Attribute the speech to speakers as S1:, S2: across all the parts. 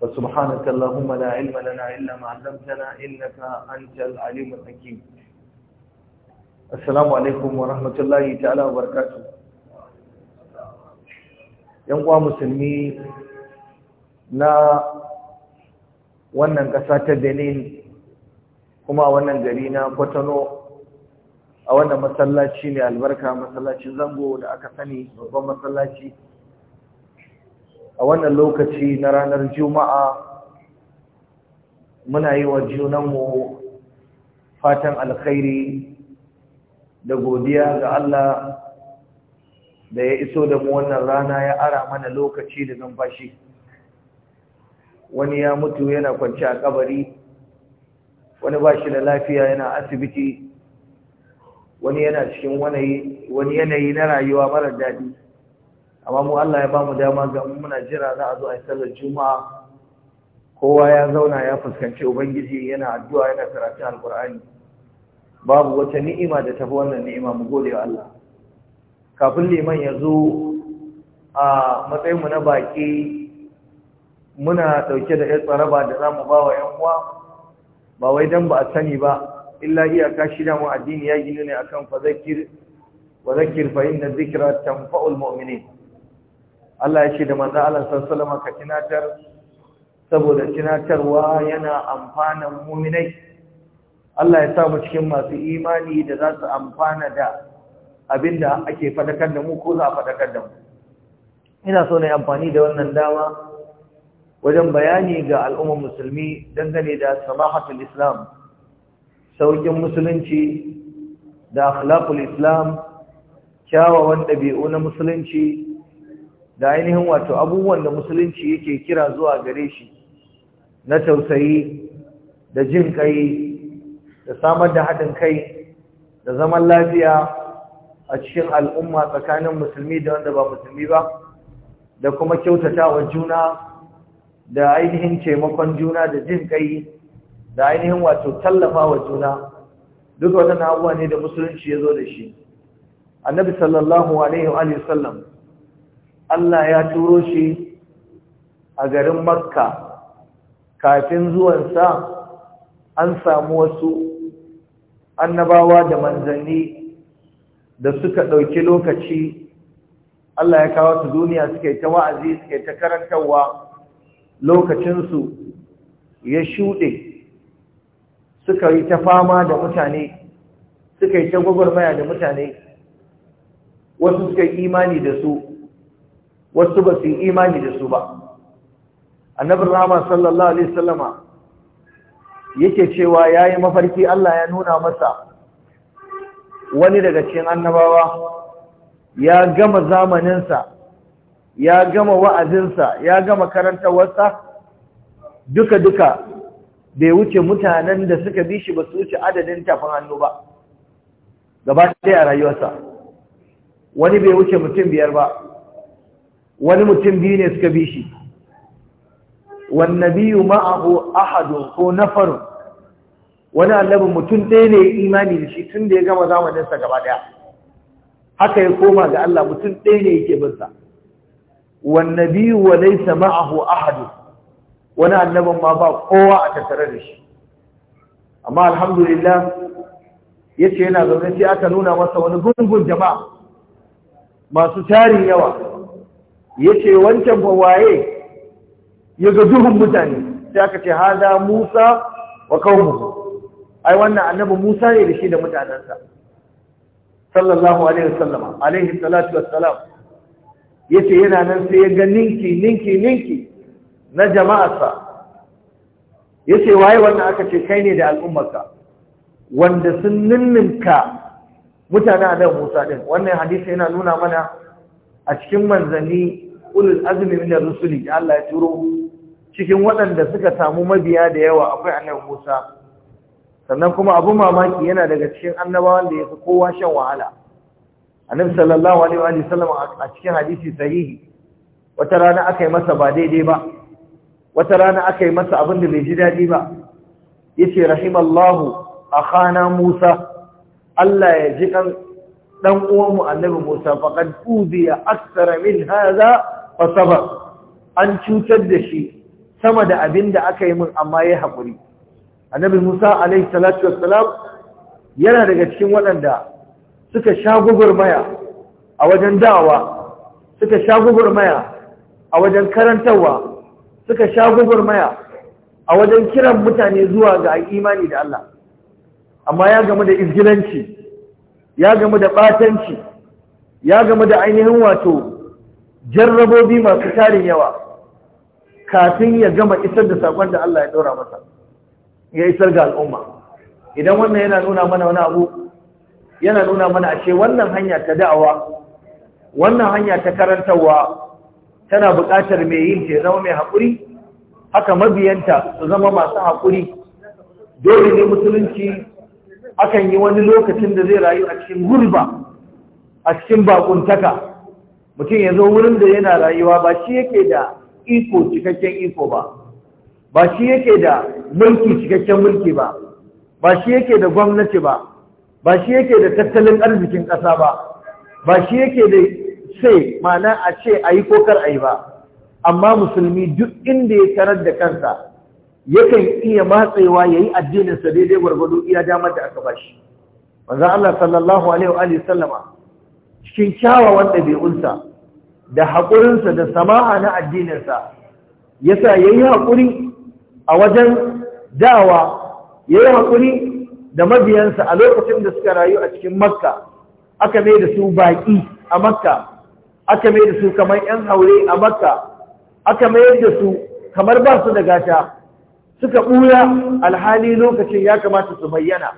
S1: فسبحانك اللهم لا علم لنا إلا ما علمتنا إنك أنت العليم الحكيم السلام عليكم ورحمة الله تعالى وبركاته ينقوى مسلمي na wannan ƙasa ta Benin kuma wannan gari na Kwatano a wannan masallaci ne albarka masallacin zango da aka sani babban masallaci a wannan lokaci na ranar juma'a muna yi wa junanmu fatan alkhairi da godiya ga Allah da ya iso da mu wannan rana ya ara mana lokaci da numfashi wani ya mutu yana kwanci a kabari wani ba shi da lafiya yana asibiti wani yana cikin wani yanayi na rayuwa marar daɗi amma mu Allah ya bamu dama ga muna jira za a zo a yi sallar juma'a kowa ya zauna ya fuskanci ubangiji yana addu'a yana karatu alqur'ani babu wata ni'ima da tafi wannan ni'ima mu gode wa Allah kafin liman ya zo a matsayin mu na baki muna dauke da yar tsaraba da zamu ba wa yan uwa ba wai dan ba a sani ba illa iyaka shida mu addini ya gine ne akan zakir wa zakir fa inna dhikra tanfa'ul mu'minin Allah ya ce da manzo Allah sallallahu ka tinatar saboda tinatarwa yana amfanan mu'minai Allah ya sa cikin masu imani da za su amfana da abinda ake fadakar da mu ko za a fadakar da mu ina so na amfani da wannan dama wajen bayani ga al'ummar musulmi dangane da samahatul islam saukin musulunci da akhlaqul islam kyawawan ɗabi'u na musulunci da ainihin wato abubuwan da musulunci yake kira zuwa gare shi na tausayi da jin kai da samar da haɗin kai da zaman lafiya a cikin al'umma tsakanin musulmi da wanda ba musulmi ba da kuma kyautatawa juna da ainihin taimakon juna da jin kai da ainihin wato tallafa wa juna duk waɗannan abubuwa ne da musulunci ya zo da shi annabi sallallahu alaihi wa sallam Allah ya turo shi a garin Makka kafin zuwansa an samu wasu annabawa da manzanni da suka ɗauki lokaci Allah ya kawo su duniya suke ta wa'azi suke ta karantarwa lokacinsu ya shuɗe suka yi ta fama da mutane suka yi ta gwagwarmaya da mutane wasu suka yi imani da su wasu ba su yi imani da su ba annabin rahama sallallahu alaihi sallama yake cewa ya yi mafarki Allah ya nuna masa wani daga cikin annabawa ya gama zamaninsa ya gama wa'azinsa ya gama wasa. duka-duka bai wuce mutanen da suka bi shi ba su wuce adadin tafin hannu ba gaba ɗaya a rayuwarsa wani bai wuce mutum biyar ba wani mutum biyu ne suka bi shi wannabiyu ma'ahu ahadu ko nafaru wani annabin mutum ɗaya ne imani da shi tun da ya gama zamaninsa gaba ɗaya haka ya koma ga Allah mutum ɗaya ne yake bin wannabiyu wa laysa ma'ahu ahadu wani annabin ma ba kowa a tattare da shi amma alhamdulillah yace yana zaune sai aka nuna masa wani gungun jama'a masu tarin yawa ya ce wancan ba waye ya ga duhun mutane sai aka ce hada musa wa kawo ai wannan annabi musa ne da shi da mutanensa sallallahu alaihi wasallam alaihi salatu wassalam ya ce yana nan sai ya ga ninki ninki ninki na jama'arsa ya ce waye wannan aka ce kai ne da al'ummarka wanda sun ninninka mutane a nan musa ɗin wannan hadisi yana nuna mana a cikin manzanni ulul azmi min ar-rusuli da Allah ya turo cikin waɗanda suka samu mabiya da yawa akwai annabi Musa sannan kuma abu mamaki yana daga cikin annabawan da yafi kowa shan wahala annabi sallallahu alaihi wa sallam a cikin hadisi sahihi wata rana aka yi masa ba daidai ba wata rana aka yi masa abin da bai ji daɗi ba yace rahimallahu akhana Musa Allah ya ji kan dan uwanmu annabi Musa faqad uziya aksara min hadha fasabar an cutar da shi sama da abin da aka yi min amma ya haƙuri annabi musa alaihi salatu wassalam yana daga cikin waɗanda suka sha gugurmaya a wajen da'awa suka sha gugurmaya a wajen karantarwa suka sha gugurmaya a wajen kiran mutane zuwa ga imani da Allah amma ya gamu da izgilanci ya gamu da batanci ya gamu da ainihin wato jarrabobi masu tarin yawa kafin ya gama isar da sakon da Allah ya ɗora masa ya isar ga al'umma idan wannan yana nuna mana wani abu yana nuna mana ashe wannan hanya ta da'awa wannan hanya ta karantarwa tana buƙatar mai yin ta zama mai haƙuri haka mabiyanta su zama masu haƙuri dole ne musulunci akan yi wani lokacin da zai rayu a cikin gurba a cikin bakuntaka mutum ya zo wurin da yana rayuwa ba shi yake da iko cikakken iko ba ba shi yake da mulki cikakken mulki ba ba shi yake da gwamnati ba ba shi yake da tattalin arzikin ƙasa ba ba shi yake da sai ma'ana a ce a yi ko a yi ba amma musulmi duk inda ya tarar da kansa yakan iya matsewa ya yi addininsa daidai gwargwado iya damar da aka ba shi manzan Allah sallallahu alaihi wa sallama cikin kyawawan ɗabi'unsa da haƙurinsa da sama'a na addininsa ya sa ya yi haƙuri a wajen dawa ya yi haƙuri da mabiyansa a lokacin da suka rayu a cikin makka aka mai da su baƙi a makka aka mai da su kamar 'yan haure a makka aka mayar da su kamar ba su da gata suka ɓuya alhali lokacin ya kamata su bayyana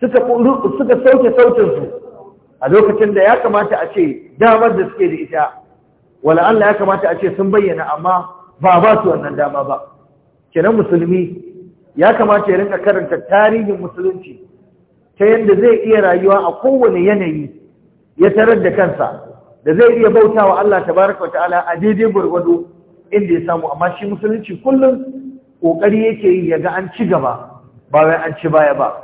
S1: suka sauke sautinsu a lokacin da ya kamata a ce damar da suke da ita wala Allah ya kamata a ce sun bayyana amma ba ba su wannan dama ba kenan musulmi ya kamata ya rinka karanta tarihin musulunci ta yadda zai iya rayuwa a kowane yanayi ya tarar da kansa da zai iya bautawa Allah tabaraka ta'ala a daidai gwargwado inda ya samu amma shi musulunci kullum kokari yake yi ya ga an ci gaba ba wai an ci baya ba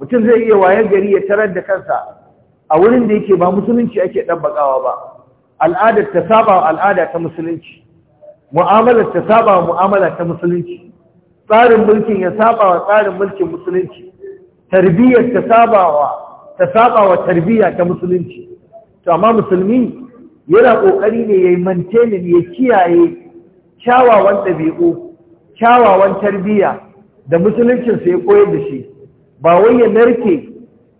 S1: mutum zai iya wayar gari ya tarar da kansa a wurin da yake ba musulunci ake ɗabbaƙawa ba al'adar ta saba al'ada ta musulunci mu'amalar ta saba mu'amala ta musulunci tsarin mulkin ya saba wa tsarin mulkin musulunci tarbiyyar ta saba wa ta saba wa tarbiyya ta musulunci to amma musulmi yana ƙoƙari ne ya yayi maintain ya kiyaye kyawawan ɗabi'u, kyawawan tarbiyya da musuluncin ya koyar da shi ba wai ya narke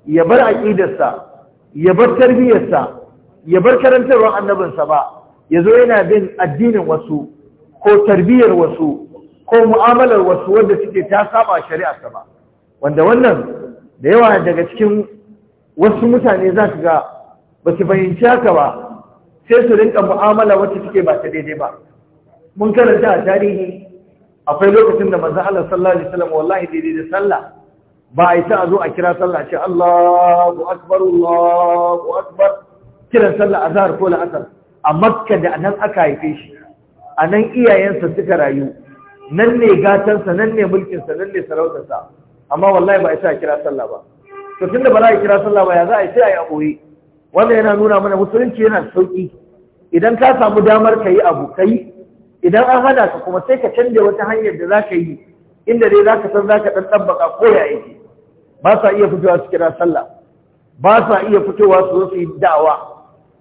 S1: ya bar aqidarsa ya bar tarbiyarsa ya bar karantarwar annabinsa ba ya zo yana bin addinin wasu ko tarbiyyar wasu ko mu'amalar wasu wanda suke ta saba shari'arsa ba wanda wannan da yawa daga cikin wasu mutane za ka ga ba su fahimci haka ba sai su rinka mu'amala wacce suke ba ta daidai ba mun karanta a tarihi akwai lokacin da manzo Allah sallallahu alaihi wallahi daidai da sallah ba a yi ta a zo a kira sallah ce Allahu akbar Allahu akbar kiran sallah azhar ko la'asar a makka da nan aka haife shi a nan iyayensa suka rayu nan ne gatansa nan ne mulkinsa nan ne sarautarsa amma wallahi ba a yi ta a kira sallah ba to tunda ba za a kira sallah ba ya za a yi sai a yi a wannan yana nuna mana musulunci yana sauƙi idan ka samu damar ka yi abu ka yi idan an hana ka kuma sai ka canja wata hanyar da za ka yi inda dai za ka san za ka ɗan ɗabbaka ko ya aiki ba sa iya fitowa su kira sallah ba sa iya fitowa su zo su yi da'awa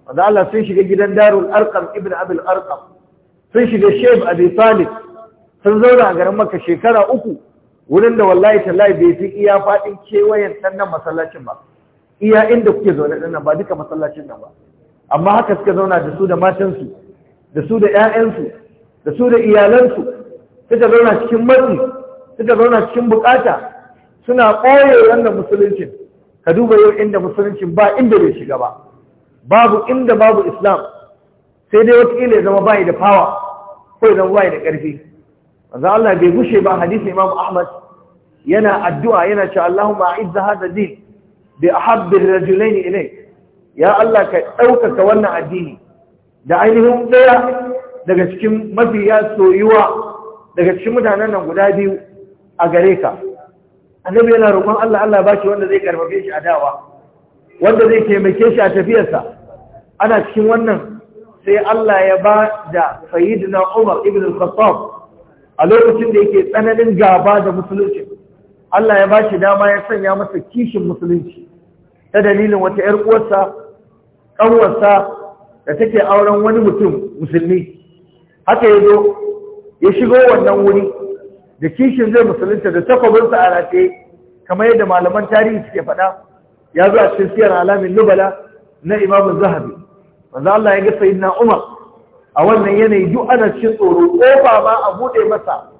S1: wanda Allah sun shiga gidan darul arqam ibn abul arqam sun shiga sheb abi talib sun zauna a garin maka shekara uku wurin da wallahi tallahi bai fi iya faɗin kewayen ɗannan masallacin ba iya inda kuke zaune ɗannan ba duka masallacin nan ba amma haka suka zauna da su da matansu da su da 'ya'yansu da su da iyalansu suka zauna cikin matsi suka zauna cikin bukata suna ɓoye wanda musuluncin ka duba yau inda musuluncin ba inda bai shiga ba babu inda babu islam sai dai wataƙila ya zama bayi da fawa ko ya zama bayi da ƙarfi wanzu Allah bai gushe ba hadisi Imam Ahmad yana addu'a yana ce Allahumma a'izza hadha din bi ahabbi ar ilayk ya Allah ka ɗaukaka wannan addini da ainihin ɗaya daga cikin mafiya soyuwa daga cikin mutanen nan guda biyu a gare ka annabi yana roƙon Allah Allah ba shi wanda zai karfafe shi a dawa wanda zai taimake shi a tafiyarsa ana cikin wannan sai Allah ya ba da sayyidina Umar ibn al-Khattab a lokacin da yake tsananin gaba da musulunci Allah ya ba shi dama ya sanya masa kishin musulunci ta dalilin wata ‘yar uwarsa, ƙanwarsa da take auren wani mutum musulmi. Haka ya zo, ya shigo wannan wuri, da kishin zai musulunta da takwabinsa a rataye kamar yadda malaman tarihi suke faɗa ya zo a cikin siyar alamin lubala na imamun zahabi wanda Allah ya ga sayyidina Umar a wannan yanayi duk ana cikin tsoro kofa ba a bude masa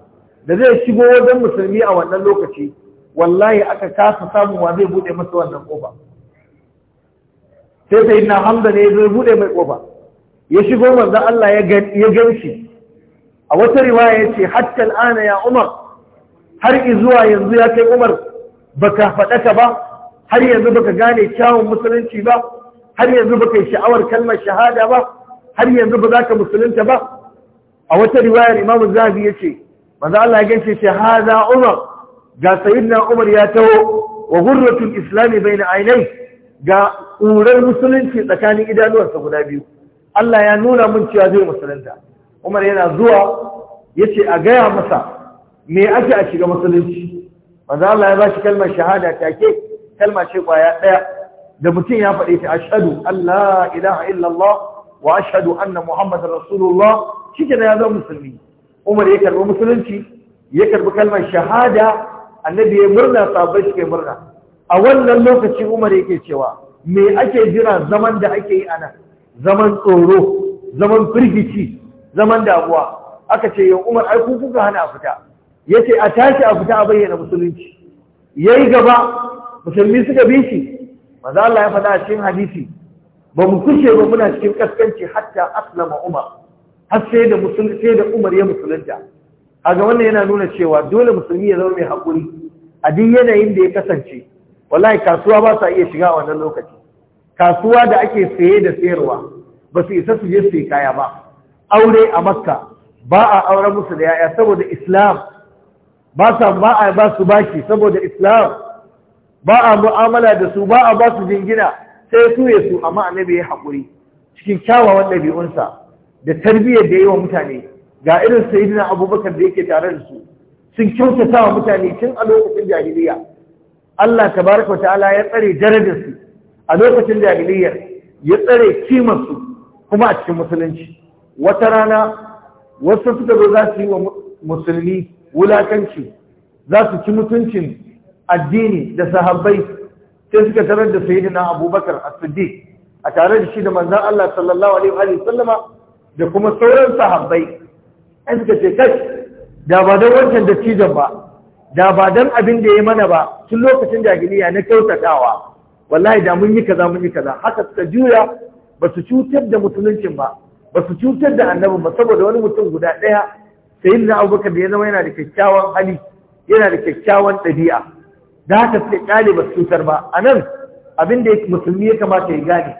S1: da zai shigo wajen musulmi a wannan lokaci wallahi aka kasa samun wa zai bude masa wannan kofa sai sayyidina Hamza ne zai bude mai kofa ya shigo manzo Allah ya ga ya ganshi a wata riwaya ya ce hatta al'ana ya umar har izuwa yanzu ya kai umar baka faɗaka ba har yanzu baka gane kyawun musulunci ba har yanzu baka yi sha'awar kalmar shahada ba har yanzu ba za ka musulunta ba a wata riwayar imamu zahabi ya ce maza Allah ya gance ce umar ga sayidina umar ya taho wa gurratul islami baina ainai ga ƙurar musulunci tsakanin idanuwarsa guda biyu Allah ya nuna mun cewa zai musulunta umar yana zuwa ya ce a gaya masa me ake a shiga musulunci manzo Allah ya shi kalmar shahada take kalma ce kwaya daya da mutum ya faɗi ta ashhadu Allah ilaha illallah wa ashhadu anna muhammadar rasulullah shike da ya zama musulmi umar ya karbi musulunci ya karbi kalmar shahada annabi ya murna sabai shi kai murna a wannan lokaci umar yake cewa me ake jira zaman da ake yi ana zaman tsoro zaman firgici zaman damuwa aka ce yau umar ai kuka hana a fita Ya ce a tashi a fita a bayyana musulunci Ya yi gaba musulmi suka bi shi maza Allah ya faɗa a cikin hadisi ba mu kushe ba muna cikin kaskanci hatta aslama umar har sai da musulmi sai da umar ya musulunta ga wannan yana nuna cewa dole musulmi ya zama mai haƙuri. a duk yanayin da ya kasance wallahi kasuwa ba sa iya shiga a wannan lokaci kasuwa da ake saye da sayarwa ba su isa su je su kaya ba aure a makka ba a aure musu da yaya saboda islam ba sa ba a ba su baki saboda islam ba a mu'amala da su ba a ba su jingina sai su ya su amma annabi ya haƙuri cikin kyawawan ɗabi'unsa da tarbiyyar da yi wa mutane ga irin sayidina abubakar da yake tare da su sun kyautata wa mutane tun a lokacin jahiliya Allah tabaraka ta'ala ya tsare darajarsu a lokacin jahiliyar ya tsare kimarsu kuma a cikin musulunci wata rana wasu suka zo za su yi wa musulmi wulakanci za su ci mutuncin addini da sahabbai sai suka tarar da sayyidina abubakar a siddiq a tare da shi da manzon Allah sallallahu alaihi sallama da kuma sauran sahabbai an suka ce kai da ba don wancan cizon ba da ba don abin da ya mana ba tun lokacin jahiliya na kyautatawa wallahi da mun yi kaza mun yi kaza haka suka juya ba su cutar da musuluncin ba ba su cutar da annabi ba saboda wani mutum guda ɗaya sai na abubakar da ya zama yana da kyakkyawan hali yana da kyakkyawan ɗabi'a da haka sai ƙale ba su cutar ba a nan abin da musulmi ya kamata ya gane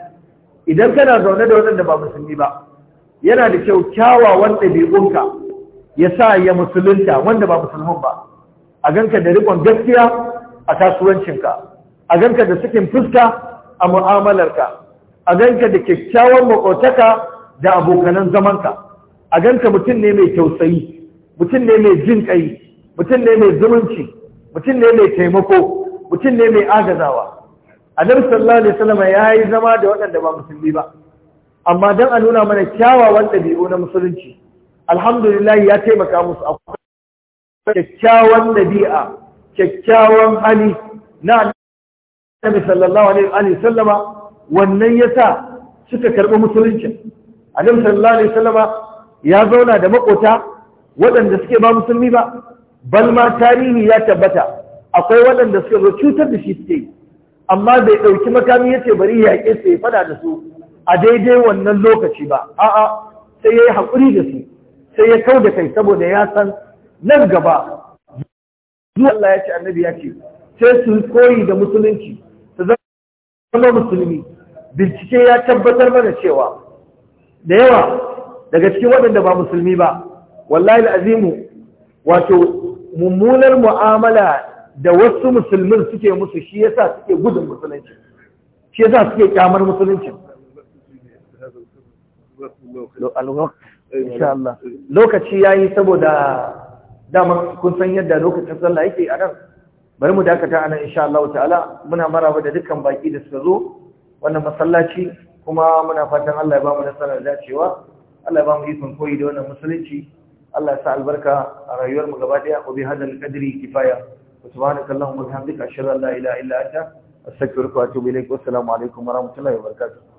S1: idan kana zaune da waɗanda ba musulmi ba yana da kyau kyawawan ɗabi'unka ya sa ya musulunta wanda ba musulmin ba a ganka da riƙon gaskiya a kasuwancinka a ganka da sakin fuska a mu'amalarka a ganka da kyakkyawan maƙotaka da abokanan zamanka a ganta mutum ne mai tausayi mutum ne mai jin kai mutum ne mai zumunci mutum ne mai taimako mutum ne mai agazawa annabi sallallahu alaihi wasallam ya yi zama da waɗanda ba musulmi ba amma dan a nuna mana kyawawan ɗabi'u na musulunci alhamdulillah ya taimaka musu akwai kyakkyawan ɗabi'a kyakkyawan hali na annabi sallallahu alaihi wasallama wannan yasa suka karɓi musulunci annabi sallallahu alaihi wasallama ya zauna da makota waɗanda suke ba musulmi ba bal ma tarihi ya tabbata akwai waɗanda suka zo cutar da shi suke amma bai ɗauki makami yace bari ya yaƙe su ya fada da su a daidai wannan lokaci ba a'a sai ya yi haƙuri da su sai ya kau da kai saboda ya san nan gaba zuwa Allah ya ce annabi ya ce sai su koyi da musulunci su zama musulmi bincike ya tabbatar mana cewa da yawa daga cikin waɗanda ba musulmi ba wallahi azimu wato mummunar mu'amala da wasu musulmin suke musu shi yasa suke gudun musulunci shi yasa suke kyamar musulunci lokaci ya yi saboda damar kun san yadda lokacin sallah yake a nan bari mu dakata a nan insha Allah ta'ala muna maraba da dukkan baki da suka zo wannan masallaci kuma muna fatan Allah ya ba mu nasarar dacewa Allah ya ba mu ikon koyi da wannan musulunci Allah ya sa albarka a rayuwar mu gaba daya ko bi hadal qadri kifaya subhanakallahumma wa bihamdika ashhadu an la ilaha illa anta astaghfiruka wa atubu ilaik wa assalamu alaikum wa rahmatullahi wa barakatuh